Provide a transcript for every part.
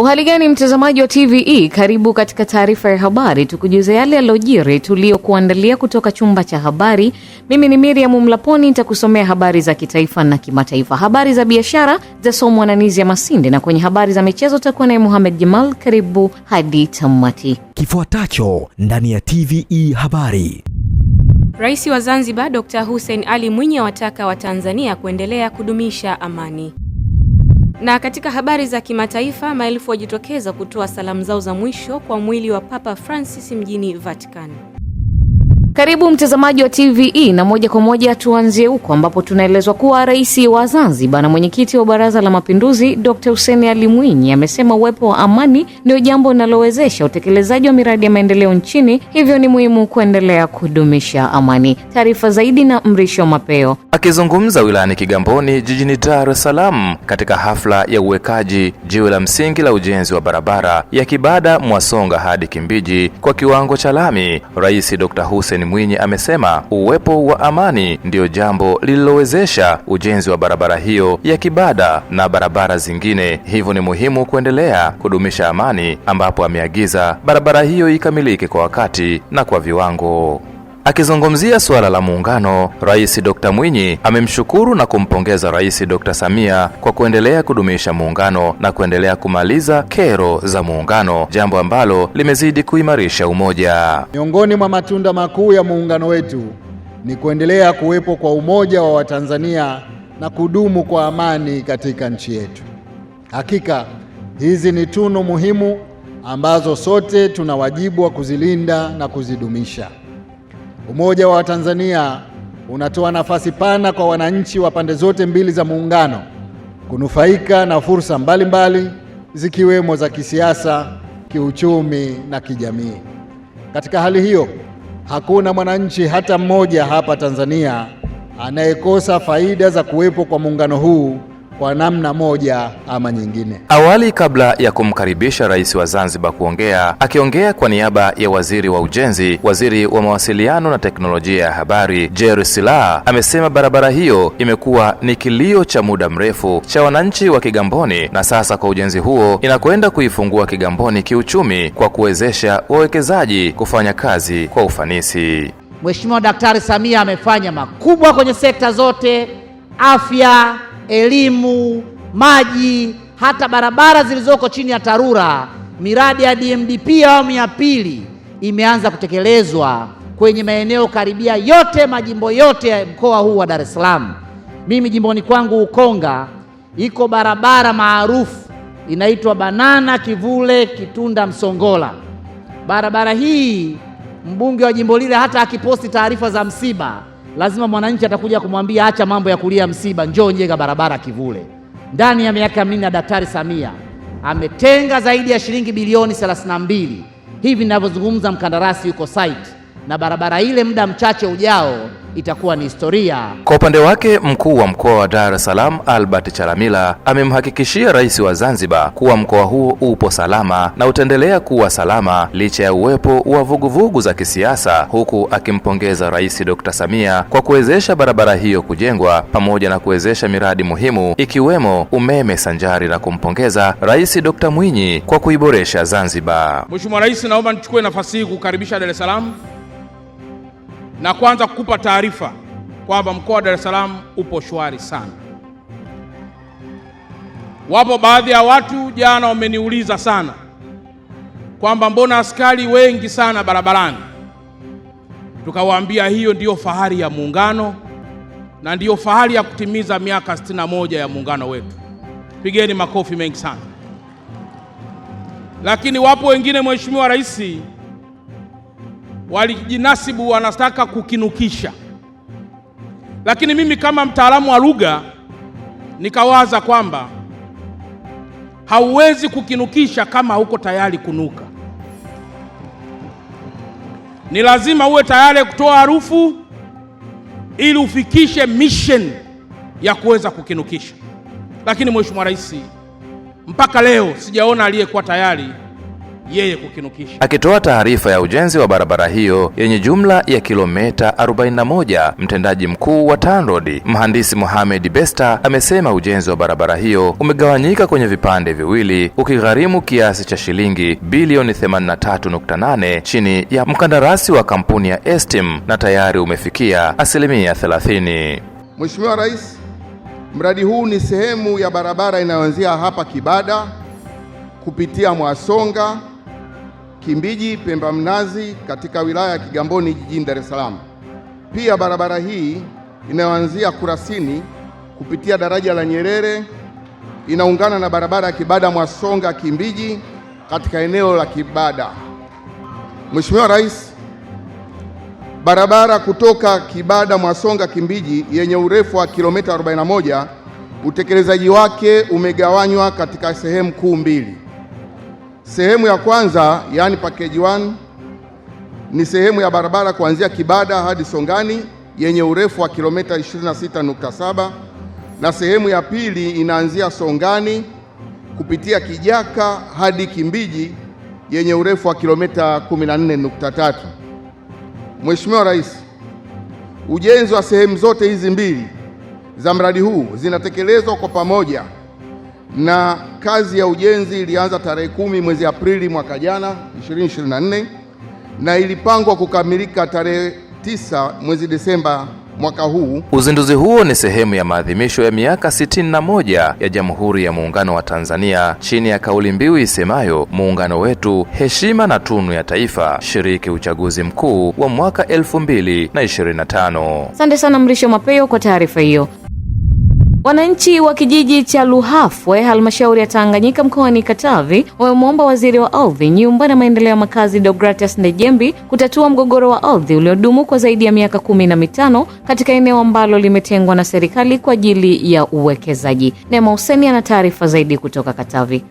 Uhali gani mtazamaji wa TVE, karibu katika taarifa ya habari, tukujuze yale yaliojiri tuliyokuandalia kutoka chumba cha habari. Mimi ni Miriam Mlaponi, nitakusomea habari za kitaifa na kimataifa. Habari za biashara zasomwa na Nizia Masinde, na kwenye habari za michezo takuwa naye Mohamed Jamal. Karibu hadi tamati. Kifuatacho ndani ya TVE habari. Rais wa Zanzibar Dr. Hussein Ali Mwinyi awataka Watanzania kuendelea kudumisha amani. Na katika habari za kimataifa, maelfu wajitokeza kutoa salamu zao za mwisho kwa mwili wa Papa Francis mjini Vatican. Karibu mtazamaji wa TVE na moja kwa moja tuanzie huko ambapo tunaelezwa kuwa rais wa Zanzibar na mwenyekiti wa Baraza la Mapinduzi Dkt. Hussein Ali Mwinyi amesema uwepo wa amani ndio jambo linalowezesha utekelezaji wa miradi ya maendeleo nchini, hivyo ni muhimu kuendelea kudumisha amani. Taarifa zaidi na Mrisho Mapeo. Akizungumza wilayani Kigamboni jijini Dar es Salaam katika hafla ya uwekaji jiwe la msingi la ujenzi wa barabara ya Kibada Mwasonga hadi Kimbiji kwa kiwango cha lami, Rais Dkt. Hussein Mwinyi amesema uwepo wa amani ndiyo jambo lililowezesha ujenzi wa barabara hiyo ya Kibada na barabara zingine, hivyo ni muhimu kuendelea kudumisha amani, ambapo ameagiza barabara hiyo ikamilike kwa wakati na kwa viwango. Akizungumzia suala la muungano, Rais Dr. Mwinyi amemshukuru na kumpongeza Rais Dr. Samia kwa kuendelea kudumisha muungano na kuendelea kumaliza kero za muungano, jambo ambalo limezidi kuimarisha umoja. Miongoni mwa matunda makuu ya muungano wetu ni kuendelea kuwepo kwa umoja wa Watanzania na kudumu kwa amani katika nchi yetu. Hakika hizi ni tunu muhimu ambazo sote tuna wajibu wa kuzilinda na kuzidumisha. Umoja wa Tanzania unatoa nafasi pana kwa wananchi wa pande zote mbili za muungano kunufaika na fursa mbalimbali zikiwemo za kisiasa, kiuchumi na kijamii. Katika hali hiyo, hakuna mwananchi hata mmoja hapa Tanzania anayekosa faida za kuwepo kwa muungano huu kwa namna moja ama nyingine. Awali kabla ya kumkaribisha rais wa Zanzibar kuongea, akiongea kwa niaba ya waziri wa ujenzi, waziri wa mawasiliano na teknolojia ya habari Jerry Silaa amesema barabara hiyo imekuwa ni kilio cha muda mrefu cha wananchi wa Kigamboni, na sasa kwa ujenzi huo inakwenda kuifungua Kigamboni kiuchumi kwa kuwezesha wawekezaji kufanya kazi kwa ufanisi. Mheshimiwa Daktari Samia amefanya makubwa kwenye sekta zote, afya elimu, maji, hata barabara zilizoko chini ya TARURA. Miradi ya DMDP ya awamu ya pili imeanza kutekelezwa kwenye maeneo karibia yote majimbo yote ya mkoa huu wa Dar es Salaam. Mimi jimboni kwangu Ukonga iko barabara maarufu inaitwa Banana Kivule Kitunda Msongola. Barabara hii mbunge wa jimbo lile hata akiposti taarifa za msiba lazima mwananchi atakuja kumwambia acha mambo ya kulia msiba, njoo njenga barabara kivule. Ndani ya miaka minne Daktari Samia ametenga zaidi ya shilingi bilioni mbili. Hivi ninavyozungumza mkandarasi yuko site na barabara ile muda mchache ujao itakuwa ni historia. Kwa upande wake, mkuu wa mkoa wa Dar es Salaam Albert Chalamila amemhakikishia rais wa Zanzibar kuwa mkoa huo upo salama na utaendelea kuwa salama licha ya uwepo wa vuguvugu za kisiasa, huku akimpongeza Rais Dr. Samia kwa kuwezesha barabara hiyo kujengwa pamoja na kuwezesha miradi muhimu ikiwemo umeme, sanjari na kumpongeza Rais Dr. Mwinyi kwa kuiboresha Zanzibar. Mheshimiwa Rais, naomba nichukue nafasi hii kukaribisha Dar es Salaam na kwanza kukupa taarifa kwamba mkoa wa Dar es Salaam upo shwari sana. Wapo baadhi ya watu jana wameniuliza sana kwamba mbona askari wengi sana barabarani? Tukawaambia hiyo ndiyo fahari ya Muungano na ndiyo fahari ya kutimiza miaka 61 ya Muungano wetu. Pigeni makofi mengi sana. Lakini wapo wengine, Mheshimiwa Rais walijinasibu wanataka kukinukisha, lakini mimi kama mtaalamu wa lugha nikawaza kwamba hauwezi kukinukisha kama huko tayari kunuka. Ni lazima uwe tayari kutoa harufu ili ufikishe mission ya kuweza kukinukisha. Lakini Mheshimiwa Rais, mpaka leo sijaona aliyekuwa tayari yeye kukinukisha. Akitoa taarifa ya ujenzi wa barabara hiyo yenye jumla ya kilomita 41, mtendaji mkuu wa TANROADS mhandisi Mohamed Besta amesema ujenzi wa barabara hiyo umegawanyika kwenye vipande viwili ukigharimu kiasi cha shilingi bilioni 83.8 chini ya mkandarasi wa kampuni ya Estim na tayari umefikia asilimia 30. Mheshimiwa Rais, mradi huu ni sehemu ya barabara inayoanzia hapa Kibada kupitia Mwasonga Kimbiji Pemba Mnazi katika wilaya ya Kigamboni jijini Dar es Salaam. Pia barabara hii inayoanzia Kurasini kupitia daraja la Nyerere inaungana na barabara ya Kibada Mwasonga Kimbiji katika eneo la Kibada. Mheshimiwa Rais, barabara kutoka Kibada Mwasonga Kimbiji yenye urefu wa kilomita 41 utekelezaji wake umegawanywa katika sehemu kuu mbili. Sehemu ya kwanza yaani package 1 ni sehemu ya barabara kuanzia Kibada hadi Songani yenye urefu wa kilomita 26.7 na sehemu ya pili inaanzia Songani kupitia Kijaka hadi Kimbiji yenye urefu wa kilomita 14.3. Mheshimiwa Rais, ujenzi wa sehemu zote hizi mbili za mradi huu zinatekelezwa kwa pamoja na kazi ya ujenzi ilianza tarehe kumi mwezi Aprili mwaka jana 2024 na ilipangwa kukamilika tarehe tisa mwezi Desemba mwaka huu. Uzinduzi huo ni sehemu ya maadhimisho ya miaka 61 ya Jamhuri ya Muungano wa Tanzania chini ya kauli mbiu isemayo muungano wetu, heshima na tunu ya taifa, shiriki uchaguzi mkuu wa mwaka 2025. Asante sana Mrisho Mapeo kwa taarifa hiyo. Wananchi wa kijiji cha Luhafwe halmashauri ya Tanganyika mkoani Katavi wamemwomba waziri wa ardhi, nyumba na maendeleo ya makazi Deogratias Ndejembi kutatua mgogoro wa ardhi uliodumu kwa zaidi ya miaka kumi na mitano katika eneo ambalo limetengwa na serikali kwa ajili ya uwekezaji. Neema Huseni ana taarifa zaidi kutoka Katavi.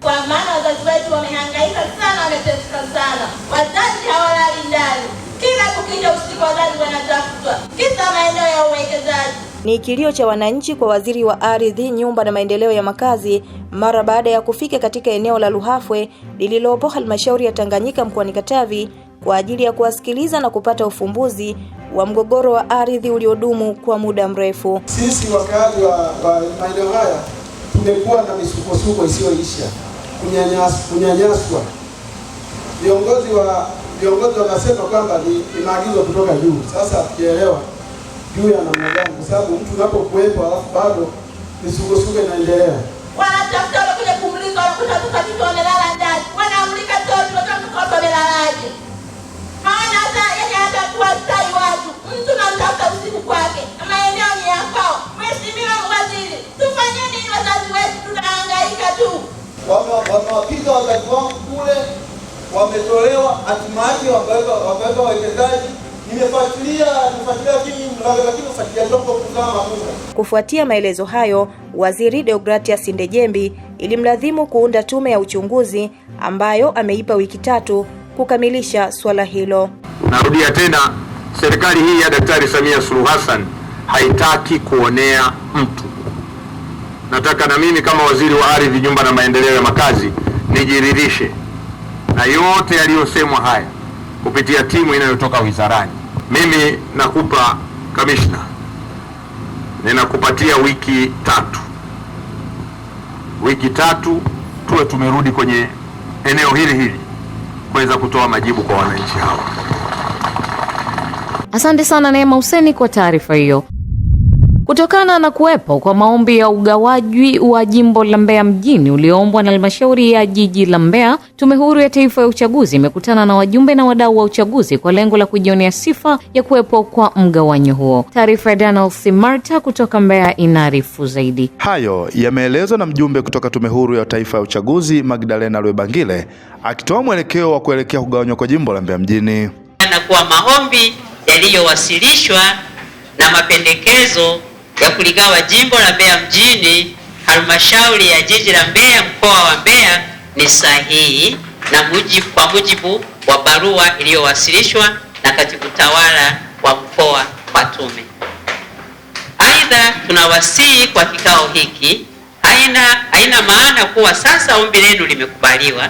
Ni kilio cha wananchi kwa waziri wa ardhi, nyumba na maendeleo ya makazi mara baada ya kufika katika eneo la Luhafwe lililopo halmashauri ya Tanganyika mkoani Katavi kwa ajili ya kuwasikiliza na kupata ufumbuzi wa mgogoro wa ardhi uliodumu kwa muda mrefu. Sisi wakazi wa, wa maeneo haya tumekuwa na misukosuko isiyoisha, kunyanyaswa. Viongozi wanasema kwamba ni maagizo kutoka juu. Sasa tukielewa juu ya namna gani, kwa sababu mtu unapokuwepo alafu bado misukosuko inaendelea. Wanatafuta wanakuja kumlika, wanakuta mtoto mtu amelala ndani, kwake, maeneo ni ya kwao. Mheshimiwa Waziri, Wazazi tu, wamewapiga wazazi wangu kule, wametolewa, hatimaye wakaweka wawekezaji. Nimefuatilia nimefuatilia kimi Kufuatia maelezo hayo, Waziri Deogratias Ndejembi ilimlazimu kuunda tume ya uchunguzi ambayo ameipa wiki tatu kukamilisha swala hilo. Narudia tena, serikali hii ya Daktari Samia Suluhu Hassan haitaki kuonea mtu. Nataka na mimi kama waziri wa ardhi, nyumba na maendeleo ya makazi nijiridhishe na yote yaliyosemwa haya kupitia timu inayotoka wizarani. Mimi nakupa Kamishna, ninakupatia wiki tatu, wiki tatu tuwe tumerudi kwenye eneo hili hili kuweza kutoa majibu kwa wananchi hawa. Asante sana Neema useni kwa taarifa hiyo kutokana na kuwepo kwa maombi ya ugawaji wa jimbo la Mbeya mjini ulioombwa na halmashauri ya jiji la Mbeya. Tume Huru ya Taifa ya Uchaguzi imekutana na wajumbe na wadau wa uchaguzi kwa lengo la kujionea sifa ya kuwepo kwa mgawanyo huo. Taarifa ya Daniel Simarta kutoka Mbeya inaarifu zaidi. Hayo yameelezwa na mjumbe kutoka Tume Huru ya Taifa ya Uchaguzi Magdalena Lwebangile akitoa mwelekeo wa kuelekea kugawanywa kwa jimbo la Mbeya mjini na kuwa maombi yaliyowasilishwa na mapendekezo ya kuligawa jimbo la Mbeya mjini, halmashauri ya jiji la Mbeya, mkoa wa Mbeya ni sahihi na mujibu, kwa mujibu wa barua iliyowasilishwa na katibu tawala wa mkoa wa tume. Aidha, tunawasihi kwa kikao hiki haina, haina maana kuwa sasa ombi lenu limekubaliwa,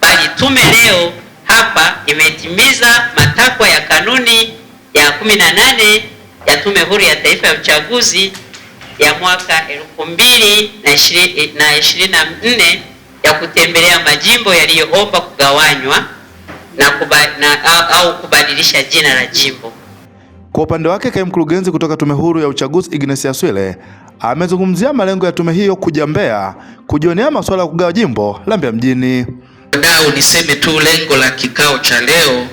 bali tume leo hapa imetimiza matakwa ya kanuni ya 18 ya Tume Huru ya Taifa ya Uchaguzi ya mwaka elfu mbili na ishirini na nne ya kutembelea majimbo yaliyoomba kugawanywa na kuba, na, au, au kubadilisha jina la jimbo. Kwa upande wake, kaimu mkurugenzi kutoka Tume Huru ya Uchaguzi Ignesia Swile amezungumzia malengo ya tume hiyo kuja Mbeya kujionea masuala ya kugawa jimbo la Mbeya mjini. Ndao niseme tu lengo la kikao cha leo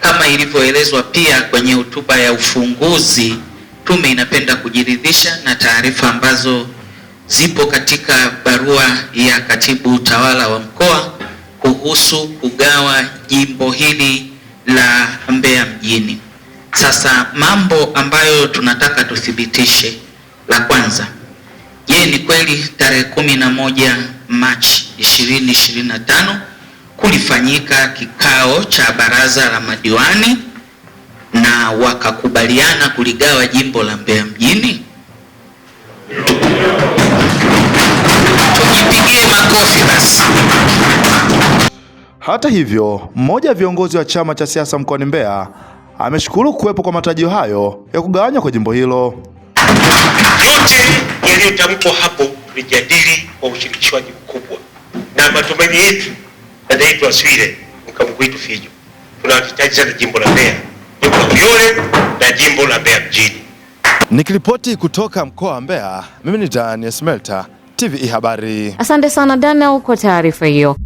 kama ilivyoelezwa pia kwenye hotuba ya ufunguzi, tume inapenda kujiridhisha na taarifa ambazo zipo katika barua ya katibu utawala wa mkoa kuhusu kugawa jimbo hili la Mbeya mjini. Sasa mambo ambayo tunataka tuthibitishe, la kwanza, je, ni kweli tarehe kumi na moja Machi 2025 kulifanyika kikao cha baraza la madiwani na wakakubaliana kuligawa jimbo la Mbeya mjini. Tujipigie makofi basi. Hata hivyo, mmoja ya viongozi wa chama cha siasa mkoani Mbeya ameshukuru kuwepo kwa matarajio hayo ya kugawanywa kwa jimbo hilo. Yote yaliyotamkwa hapo tulijadili kwa ushirikishwaji mkubwa na matumaini yetu anaitwa Swile Mkamgwitu Fijo. Tunahitaji sana jimbo la Mbeya, jimbo la Uyole na jimbo la Mbeya mjini. Nikiripoti kutoka mkoa wa Mbeya, mimi ni Daniel Smelta, TVE Habari. Asante sana Daniel kwa taarifa hiyo.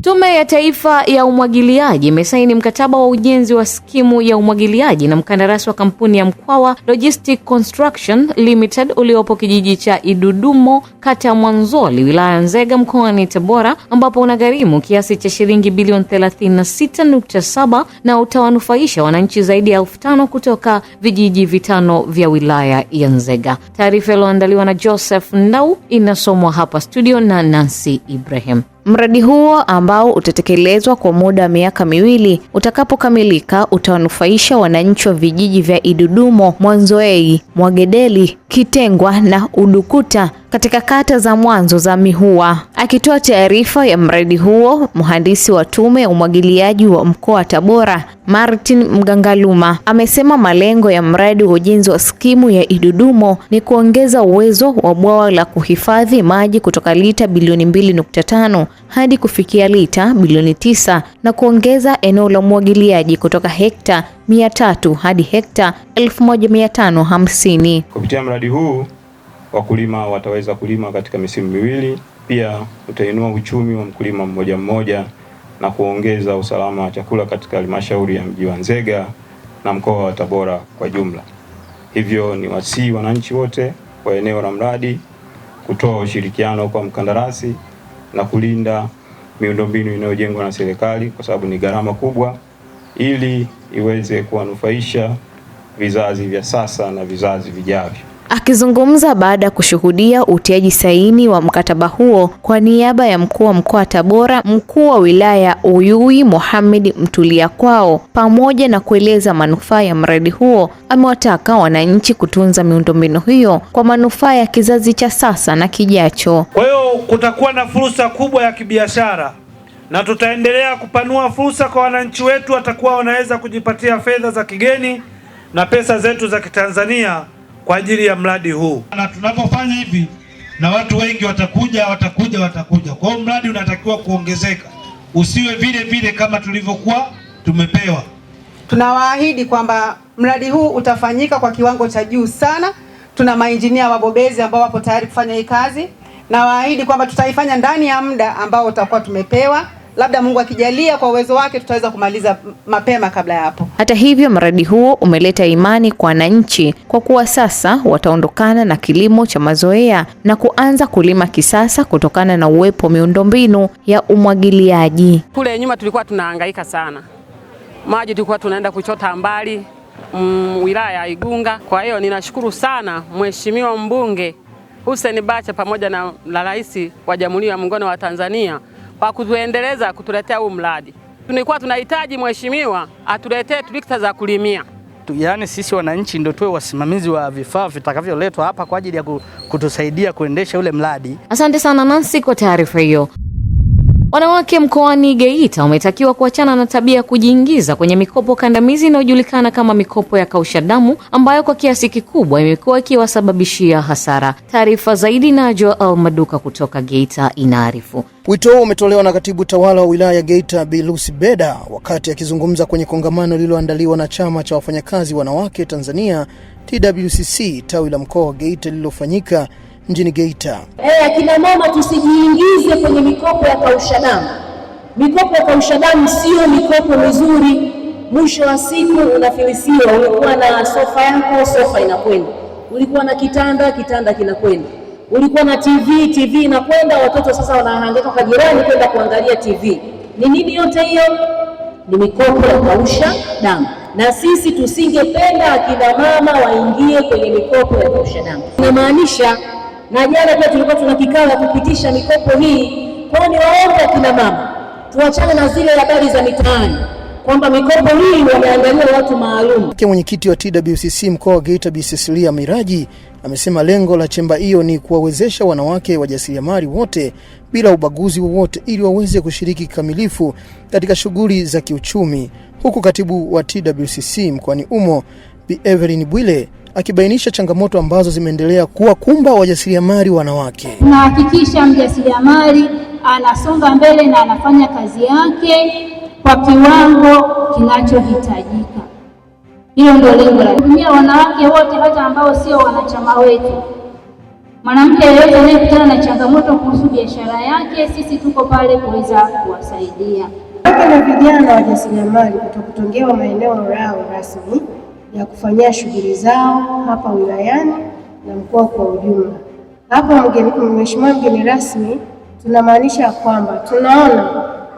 Tume ya Taifa ya Umwagiliaji imesaini mkataba wa ujenzi wa skimu ya umwagiliaji na mkandarasi wa kampuni ya Mkwawa Logistic Construction Limited uliopo kijiji cha Idudumo, kata ya Mwanzoli, wilaya Nzega, mkoani Tabora, ambapo unagharimu kiasi cha shilingi bilioni 36.7 na utawanufaisha wananchi zaidi ya elfu tano kutoka vijiji vitano vya wilaya ya Nzega. Taarifa iliyoandaliwa na Joseph Ndau inasomwa hapa studio na Nancy Ibrahim. Mradi huo ambao utatekelezwa kwa muda wa miaka miwili utakapokamilika utawanufaisha wananchi wa vijiji vya Idudumo, Mwanzoei, Mwagedeli, Kitengwa na Udukuta katika kata za mwanzo za Mihua. Akitoa taarifa ya mradi huo, mhandisi wa tume ya umwagiliaji wa mkoa wa Tabora, Martin Mgangaluma, amesema malengo ya mradi wa ujenzi wa skimu ya Idudumo ni kuongeza uwezo wa bwawa la kuhifadhi maji kutoka lita bilioni 2.5 hadi kufikia lita bilioni 9 na kuongeza eneo la umwagiliaji kutoka hekta 300 hadi hekta 1550 mradi huu wakulima wataweza kulima katika misimu miwili, pia utainua uchumi wa mkulima mmoja mmoja na kuongeza usalama wa chakula katika halmashauri ya mji wa Nzega na mkoa wa Tabora kwa jumla. Hivyo ni wasii wananchi wote wa eneo la mradi kutoa ushirikiano kwa mkandarasi na kulinda miundombinu inayojengwa na serikali, kwa sababu ni gharama kubwa, ili iweze kuwanufaisha vizazi vya sasa na vizazi vijavyo. Akizungumza baada ya kushuhudia utiaji saini wa mkataba huo kwa niaba ya mkuu wa mkoa wa Tabora, mkuu wa wilaya Uyui Mohamed Mtulia kwao, pamoja na kueleza manufaa ya mradi huo, amewataka wananchi kutunza miundombinu hiyo kwa manufaa ya kizazi cha sasa na kijacho. Kwa hiyo kutakuwa na fursa kubwa ya kibiashara na tutaendelea kupanua fursa kwa wananchi wetu, watakuwa wanaweza kujipatia fedha za kigeni na pesa zetu za Kitanzania kwa ajili ya mradi huu, na tunapofanya hivi na watu wengi watakuja watakuja watakuja. Kwa hiyo mradi unatakiwa kuongezeka, usiwe vile vile kama tulivyokuwa tumepewa. Tunawaahidi kwamba mradi huu utafanyika kwa kiwango cha juu sana. Tuna mainjinia wabobezi ambao wapo tayari kufanya hii kazi, nawaahidi kwamba tutaifanya ndani ya muda ambao utakuwa tumepewa labda Mungu akijalia kwa uwezo wake tutaweza kumaliza mapema kabla ya hapo. Hata hivyo, mradi huo umeleta imani kwa wananchi kwa kuwa sasa wataondokana na kilimo cha mazoea na kuanza kulima kisasa kutokana na uwepo miundombinu ya umwagiliaji. Kule nyuma tulikuwa tunahangaika sana, maji tulikuwa tunaenda kuchota mbali mm, wilaya ya Igunga. Kwa hiyo ninashukuru sana Mheshimiwa mbunge Hussein Bacha pamoja na rais wa Jamhuri ya Muungano wa Tanzania wa kutuendeleza kutuletea huu mradi. Tulikuwa tunahitaji mheshimiwa atuletee trekta za kulimia. Yaani sisi wananchi ndio tuwe wasimamizi wa vifaa vitakavyoletwa hapa kwa ajili ya kutusaidia kuendesha ule mradi. Asante sana Nancy kwa taarifa hiyo. Wanawake mkoani Geita wametakiwa kuachana na tabia ya kujiingiza kwenye mikopo kandamizi inayojulikana kama mikopo ya kausha damu ambayo kwa kiasi kikubwa imekuwa ikiwasababishia hasara. Taarifa zaidi na Joel Maduka kutoka Geita inaarifu. Wito huo umetolewa na katibu tawala wa wilaya ya Geita Bi Lucy Beda wakati akizungumza kwenye kongamano lililoandaliwa na chama cha wafanyakazi wanawake Tanzania TWCC tawi la mkoa wa Geita lililofanyika mjini Geita. Hey, eh, akina mama tusijiingize kwenye mikopo ya kausha damu. Mikopo ya kausha damu sio mikopo mizuri. Mwisho wa siku unafilisiwa. Ulikuwa na sofa yako, sofa inakwenda. Ulikuwa na kitanda, kitanda kinakwenda. Ulikuwa na TV, TV inakwenda. Watoto sasa wanahangaika kwa jirani kwenda kuangalia TV. Ni nini yote hiyo? Ni mikopo ya kausha damu, na sisi tusingependa akina mama waingie kwenye mikopo ya kausha damu. Inamaanisha na jana pia tulikuwa tuna kikao ya kupitisha mikopo hii. Kwa ni waombe kina mama, tuachane na zile habari za mitaani kwamba mikopo hii wameandaliwa watu maalum. Mwenyekiti wa TWCC mkoa wa Geita Bi Cecilia Miraji amesema lengo la chemba hiyo ni kuwawezesha wanawake wajasiriamali wote bila ubaguzi wowote ili waweze kushiriki kikamilifu katika shughuli za kiuchumi, huku katibu wa TWCC mkoani humo Bi Evelyn Bwile akibainisha changamoto ambazo zimeendelea kuwakumba wajasiriamali wanawake. Tunahakikisha mjasiriamali anasonga mbele na anafanya kazi yake kwa kiwango kinachohitajika. Hilo ndio lengo la kuhudumia wanawake wote, hata ambao sio wanachama wetu. Mwanamke yeyote anayekutana na changamoto kuhusu biashara yake, sisi tuko pale kuweza kuwasaidia. Wanawake na vijana wajasiriamali kutokutongewa maeneo yao rasmi ya kufanyia shughuli zao hapa wilayani na mkoa kwa ujumla. Hapa Mheshimiwa mgeni rasmi, tunamaanisha kwamba tunaona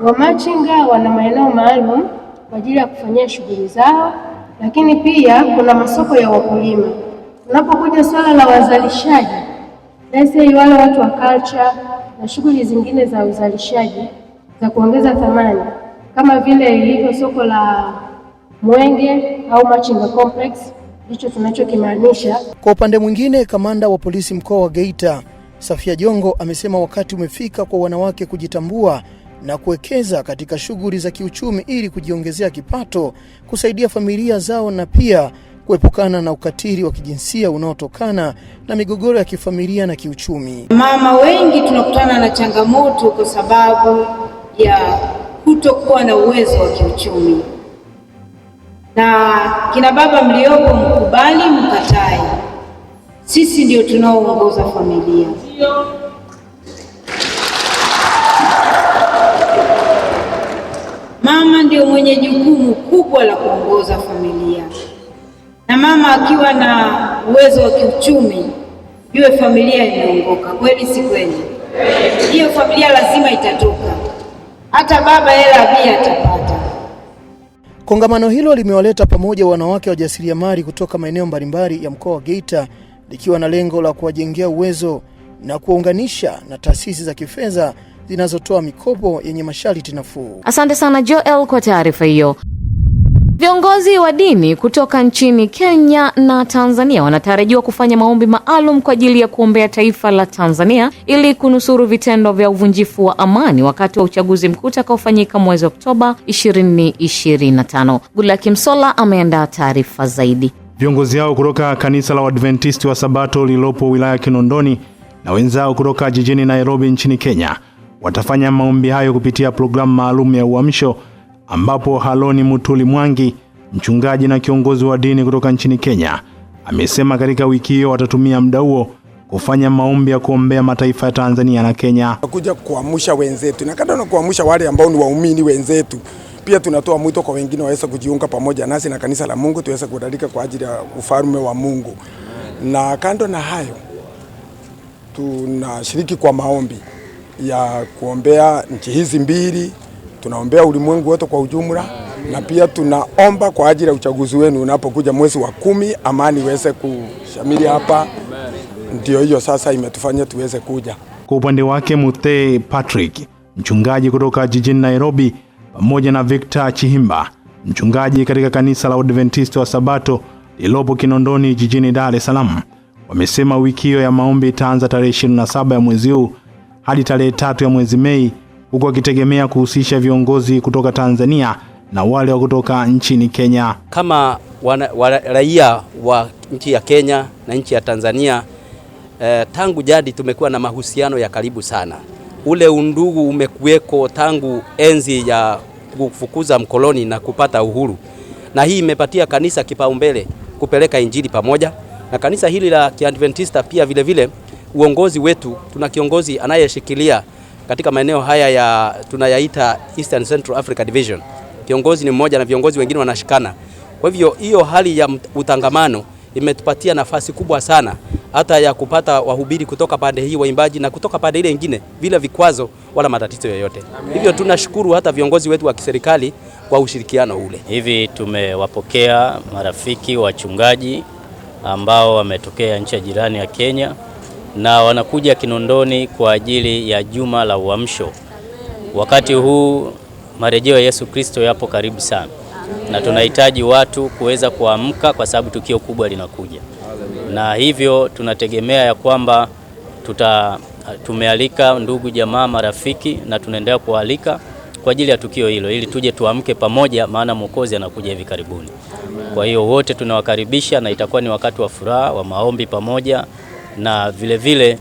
wamachinga wana maeneo maalum kwa ajili ya kufanyia shughuli zao, lakini pia kuna masoko ya wakulima. Tunapokuja swala la wazalishaji lesei, wale watu wa culture na shughuli zingine za uzalishaji za kuongeza thamani kama vile ilivyo soko la Mwenge au Machinga Complex ndicho tunachokimaanisha. Kwa upande mwingine, kamanda wa polisi mkoa wa Geita Safia Jongo amesema wakati umefika kwa wanawake kujitambua na kuwekeza katika shughuli za kiuchumi ili kujiongezea kipato, kusaidia familia zao na pia kuepukana na ukatili wa kijinsia unaotokana na migogoro ya kifamilia na kiuchumi. Mama wengi tunakutana na changamoto kwa sababu ya kutokuwa na uwezo wa kiuchumi. Na kina baba mliopo, mkubali mkatae, sisi ndio tunaoongoza familia. Mama ndio mwenye jukumu kubwa la kuongoza familia, na mama akiwa na uwezo wa kiuchumi, jue familia imeongoka. Kweli si kweli? Hiyo familia lazima itatoka, hata baba yeye pia atapata Kongamano hilo limewaleta pamoja wanawake wajasiriamali kutoka maeneo mbalimbali ya mkoa wa Geita likiwa na lengo la kuwajengea uwezo na kuwaunganisha na taasisi za kifedha zinazotoa mikopo yenye masharti nafuu. Asante sana Joel kwa taarifa hiyo. Viongozi wa dini kutoka nchini Kenya na Tanzania wanatarajiwa kufanya maombi maalum kwa ajili ya kuombea taifa la Tanzania ili kunusuru vitendo vya uvunjifu wa amani wakati wa uchaguzi mkuu utakaofanyika mwezi Oktoba 2025. Gulaki Msola ameandaa taarifa zaidi. Viongozi hao kutoka kanisa la Waadventisti wa Sabato lililopo wilaya Kinondoni na wenzao kutoka jijini Nairobi nchini Kenya watafanya maombi hayo kupitia programu maalum ya uamsho ambapo Haloni Mutuli Mwangi, mchungaji na kiongozi wa dini kutoka nchini Kenya, amesema katika wiki hiyo watatumia muda huo kufanya maombi ya kuombea mataifa ya Tanzania na Kenya. Kuja kuamsha wenzetu na kando na kuamsha wale ambao ni waumini wenzetu, pia tunatoa mwito kwa wengine waweze kujiunga pamoja nasi na kanisa la Mungu, tuweze kudalika kwa ajili ya ufalme wa Mungu. Na kando na hayo, tunashiriki kwa maombi ya kuombea nchi hizi mbili tunaombea ulimwengu wote kwa ujumla, na pia tunaomba kwa ajili ya uchaguzi wenu unapokuja mwezi wa kumi, amani iweze kushamili hapa. Ndio hiyo sasa imetufanya tuweze kuja. Kwa upande wake, Muthe Patrick, mchungaji kutoka jijini Nairobi, pamoja na Victor Chihimba, mchungaji katika kanisa la Adventista wa Sabato lililopo Kinondoni jijini Dar es Salaam, wamesema wiki hiyo ya maombi itaanza tarehe 27 ya mwezi huu hadi tarehe tatu ya mwezi Mei huku akitegemea kuhusisha viongozi kutoka Tanzania na wale wa kutoka nchini Kenya. Kama wana, wana, raia wa nchi ya Kenya na nchi ya Tanzania eh, tangu jadi tumekuwa na mahusiano ya karibu sana. Ule undugu umekuweko tangu enzi ya kufukuza mkoloni na kupata uhuru, na hii imepatia kanisa kipaumbele kupeleka injili pamoja na kanisa hili la Kiadventista. Pia vilevile vile, uongozi wetu tuna kiongozi anayeshikilia katika maeneo haya ya tunayaita Eastern Central Africa Division. Kiongozi ni mmoja na viongozi wengine wanashikana. Kwa hivyo hiyo hali ya utangamano imetupatia nafasi kubwa sana hata ya kupata wahubiri kutoka pande hii, waimbaji na kutoka pande ile nyingine, bila vikwazo wala matatizo yoyote. Hivyo tunashukuru hata viongozi wetu wa kiserikali kwa ushirikiano ule. Hivi tumewapokea marafiki wachungaji ambao wametokea nchi ya jirani ya Kenya na wanakuja Kinondoni kwa ajili ya juma la uamsho. Wakati huu marejeo ya Yesu Kristo yapo karibu sana, na tunahitaji watu kuweza kuamka, kwa sababu tukio kubwa linakuja, na hivyo tunategemea ya kwamba tuta tumealika ndugu jamaa, marafiki na tunaendelea kualika kwa ajili ya tukio hilo, ili tuje tuamke pamoja, maana Mwokozi anakuja hivi karibuni. Kwa hiyo wote tunawakaribisha, na itakuwa ni wakati wa furaha wa maombi pamoja na vilevile vile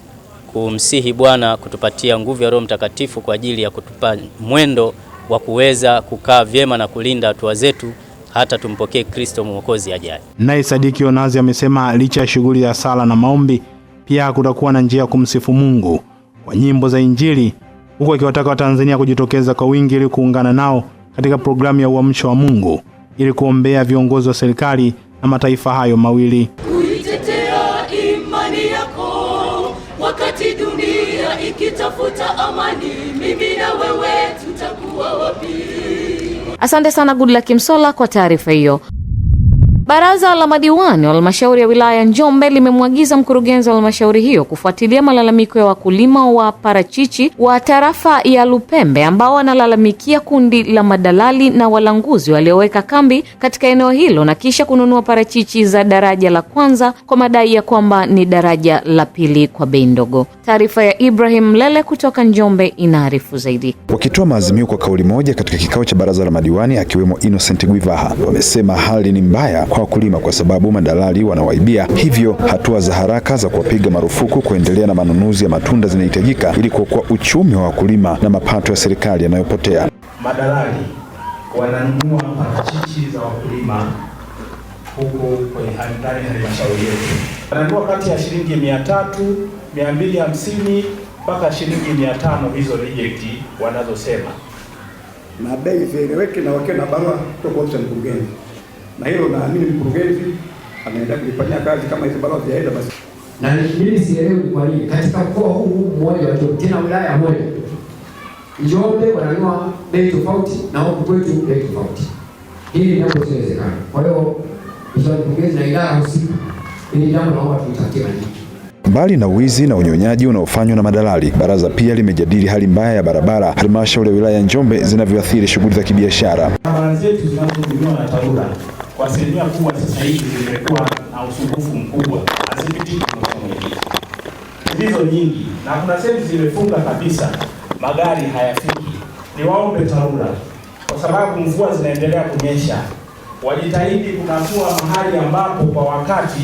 kumsihi Bwana kutupatia nguvu ya Roho Mtakatifu kwa ajili ya kutupa mwendo wa kuweza kukaa vyema na kulinda hatua zetu hata tumpokee Kristo Mwokozi ajaye. Naye Sadiki Onazi amesema licha ya shughuli ya sala na maombi, pia kutakuwa na njia ya kumsifu Mungu kwa nyimbo za Injili, huku akiwataka Watanzania kujitokeza kwa wingi ili kuungana nao katika programu ya uamsho wa Mungu ili kuombea viongozi wa serikali na mataifa hayo mawili. Asante sana Goodluck Msola kwa taarifa hiyo. Baraza la madiwani wa halmashauri ya wilaya ya Njombe limemwagiza mkurugenzi wa halmashauri hiyo kufuatilia malalamiko ya wakulima wa parachichi wa tarafa ya Lupembe ambao wanalalamikia kundi la madalali na walanguzi walioweka kambi katika eneo hilo na kisha kununua parachichi za daraja la kwanza kwa madai ya kwamba ni daraja la pili kwa bei ndogo. Taarifa ya Ibrahim Mlele kutoka Njombe inaarifu zaidi. Wakitoa maazimio kwa kauli moja katika kikao cha baraza la madiwani, akiwemo Innocent Gwivaha, wamesema hali ni mbaya kwa wakulima kwa sababu madalali wanawaibia, hivyo hatua za haraka za kuwapiga marufuku kuendelea na manunuzi ya matunda zinahitajika ili kuokoa uchumi wa wakulima na mapato ya serikali yanayopotea. Madalali wananunua parachichi za wakulima huku kwenye ndani ya halmashauri yetu, wananunua kati ya shilingi mia tatu mia mbili hamsini mpaka shilingi mia tano hizo reject wanazosema, na bei zieleweke na wakiwa na barua kutoka ofisi ya mkurugenzi na hilo naamini mkurugenzi ameenda kulifanyia kazi. Kama hizo barua zijaenda basi, na mimi sielewi kwa nini katika mkoa huu mmoja wa tena wilaya moja Njombe wananua bei tofauti na huku kwetu bei tofauti, hili jambo siwezekana. Kwa hiyo mkurugenzi na idara husika, hili jambo naomba tulitakie majibu. Mbali na wizi na unyonyaji unaofanywa na madalali, baraza pia limejadili hali mbaya ya barabara halmashauri ya wilaya ya Njombe zinavyoathiri shughuli za kibiashara. Barabara zetu zinazotumiwa na TARURA kwa asilimia kubwa sasa hivi zimekuwa na usumbufu mkubwa, hazipitiki hizo nyingi, na kuna sehemu zimefunga kabisa, magari hayafiki. ni waombe TARURA, kwa sababu mvua zinaendelea kunyesha, wajitahidi kunatua mahali ambapo kwa wakati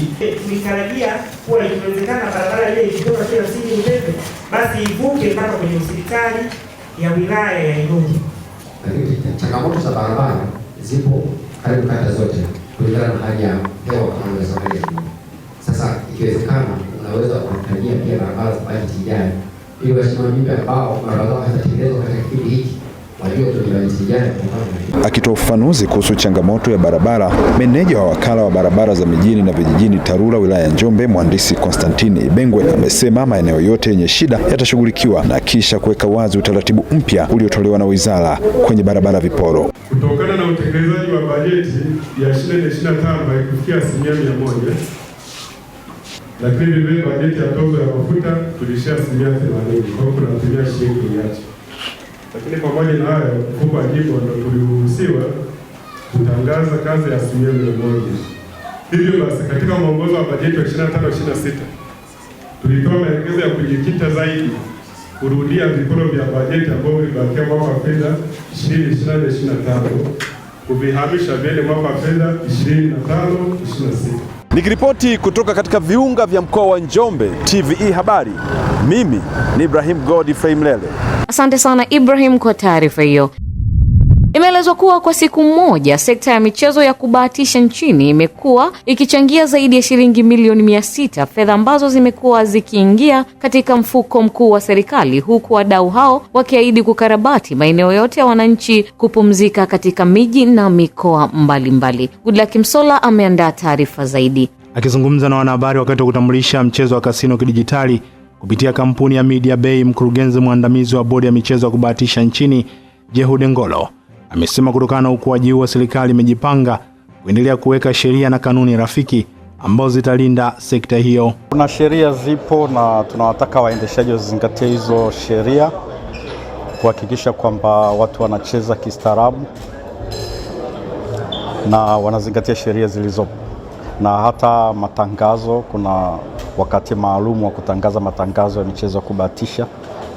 tulitarajia kuwa ikiwezekana barabara ile ikitoka kila sini Mbembe basi ivuke mpaka kwenye hospitali ya wilaya ya Igungi. Lakini changamoto za barabara zipo karibu kata zote kulingana na hali ya hewa kama Somalia. Sasa ikiwezekana, unaweza kutania pia barabara za bajeti ijayo, ili wasimamizi ambao barabara zitatengenezwa katika kipindi hiki Akitoa ufafanuzi kuhusu changamoto ya barabara, meneja wa wakala wa barabara za mijini na vijijini TARURA wilaya ya Njombe, mhandisi Konstantini Ibengwe amesema maeneo yote yenye shida yatashughulikiwa na kisha kuweka wazi utaratibu mpya uliotolewa na wizara kwenye barabara viporo. Kutokana na utekelezaji wa bajeti ya 2025 haikufikia asilimia mia moja, lakini vile bajeti ya tozo ya mafuta tulishia asilimia 80, kwa kuna asilimia ishirini lakini pamoja na hayo, mfuko wa jimbo ndo tuliruhusiwa kutangaza kazi ya asilimia mia moja. Hivyo basi, katika mwongozo wa bajeti wa 25 26 tulitoa maelekezo ya kujikita zaidi kurudia vikono vya bajeti ambavyo vilibakia mwaka wa fedha 2024 2025 kuvihamisha vile mwaka wa fedha 2025 26. Nikiripoti kutoka katika viunga vya mkoa wa Njombe, TVE Habari, mimi ni Ibrahim Godfrey Mlele. Asante sana Ibrahim kwa taarifa hiyo. Imeelezwa kuwa kwa siku moja sekta ya michezo ya kubahatisha nchini imekuwa ikichangia zaidi ya shilingi milioni mia sita, fedha ambazo zimekuwa zikiingia katika mfuko mkuu wa serikali, huku wadau hao wakiahidi kukarabati maeneo yote ya wananchi kupumzika katika miji na mikoa mbalimbali. Goodluck msola ameandaa taarifa zaidi. Akizungumza na wanahabari wakati wa kutambulisha mchezo wa kasino kidijitali kupitia kampuni ya Media Bay, mkurugenzi mwandamizi wa bodi ya michezo ya kubahatisha nchini jehude Ngolo Amesema kutokana na ukuaji huu wa serikali imejipanga kuendelea kuweka sheria na kanuni rafiki ambazo zitalinda sekta hiyo. Kuna sheria zipo na tunawataka waendeshaji wazingatie hizo sheria kuhakikisha kwamba watu wanacheza kistaarabu na wanazingatia sheria zilizopo, na hata matangazo, kuna wakati maalum wa kutangaza matangazo ya michezo ya kubahatisha,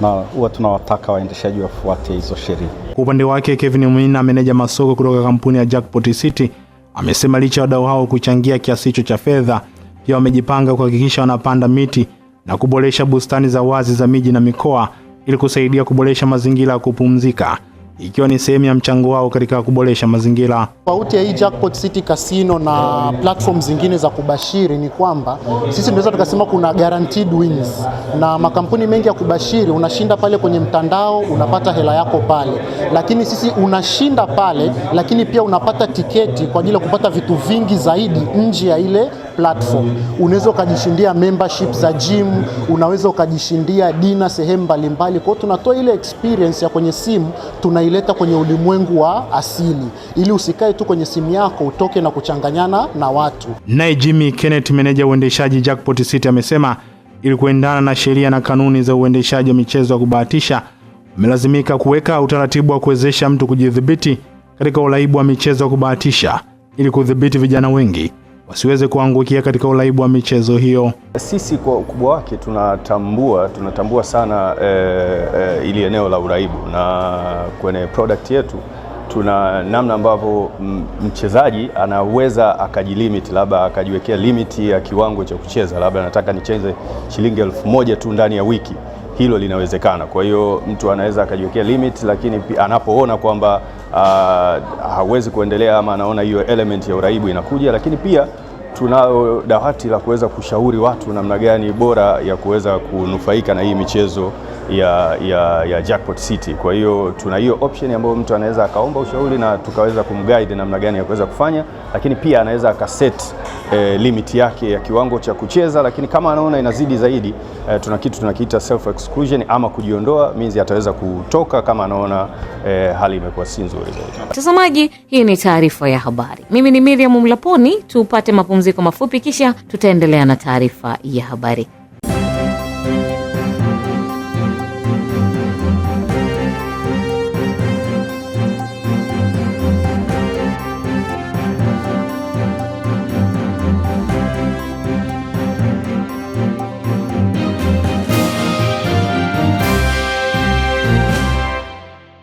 na huwa tunawataka waendeshaji wafuate hizo sheria. Kwa upande wake Kevin Mwina, meneja masoko kutoka kampuni ya Jackpot City, amesema licha ya wadau hao kuchangia kiasi hicho cha fedha, pia wamejipanga kuhakikisha wanapanda miti na kuboresha bustani za wazi za miji na mikoa ili kusaidia kuboresha mazingira ya kupumzika ikiwa ni sehemu ya mchango wao katika kuboresha mazingira. Tofauti ya hii Jackpot City Casino na platform zingine za kubashiri ni kwamba sisi tunaweza tukasema kuna guaranteed wins, na makampuni mengi ya kubashiri unashinda pale kwenye mtandao unapata hela yako pale, lakini sisi unashinda pale, lakini pia unapata tiketi kwa ajili ya kupata vitu vingi zaidi nje ya ile platform. Unaweza ukajishindia membership za gym, unaweza ukajishindia dina sehemu mbalimbali. Kwa hiyo tunatoa ile experience ya kwenye simu tunaileta kwenye ulimwengu wa asili, ili usikae tu kwenye simu yako utoke na kuchanganyana na watu. Naye Jimmy Kenneth, meneja uendeshaji Jackpot City, amesema ili kuendana na sheria na kanuni za uendeshaji wa michezo ya kubahatisha amelazimika kuweka utaratibu wa kuwezesha mtu kujidhibiti katika uraibu wa michezo ya kubahatisha ili kudhibiti vijana wengi wasiweze kuangukia katika uraibu wa michezo hiyo. Sisi kwa ukubwa wake tunatambua tunatambua sana e, e, ili eneo la uraibu na kwenye product yetu tuna namna ambavyo mchezaji anaweza akajilimit, labda akajiwekea limiti ya kiwango cha kucheza, labda nataka nicheze shilingi elfu moja tu ndani ya wiki hilo linawezekana. Kwa hiyo mtu anaweza akajiwekea limit, lakini anapoona kwamba uh, hawezi kuendelea ama anaona hiyo element ya uraibu inakuja, lakini pia tunao dawati la kuweza kushauri watu namna gani bora ya kuweza kunufaika na hii michezo ya, ya, ya Jackpot City. Kwa hiyo tuna hiyo option ambayo mtu anaweza akaomba ushauri na tukaweza kumguide namna gani ya kuweza kufanya, lakini pia anaweza akaset e, limit yake ya kiwango cha kucheza, lakini kama anaona inazidi zaidi e, tuna kitu tunakiita self exclusion ama kujiondoa, means ataweza kutoka kama anaona e, hali imekuwa si nzuri zaidi. Mtazamaji, hii ni taarifa ya habari. Mimi ni Miriam Mlaponi, tupate mapumziko mafupi, kisha tutaendelea na taarifa ya habari.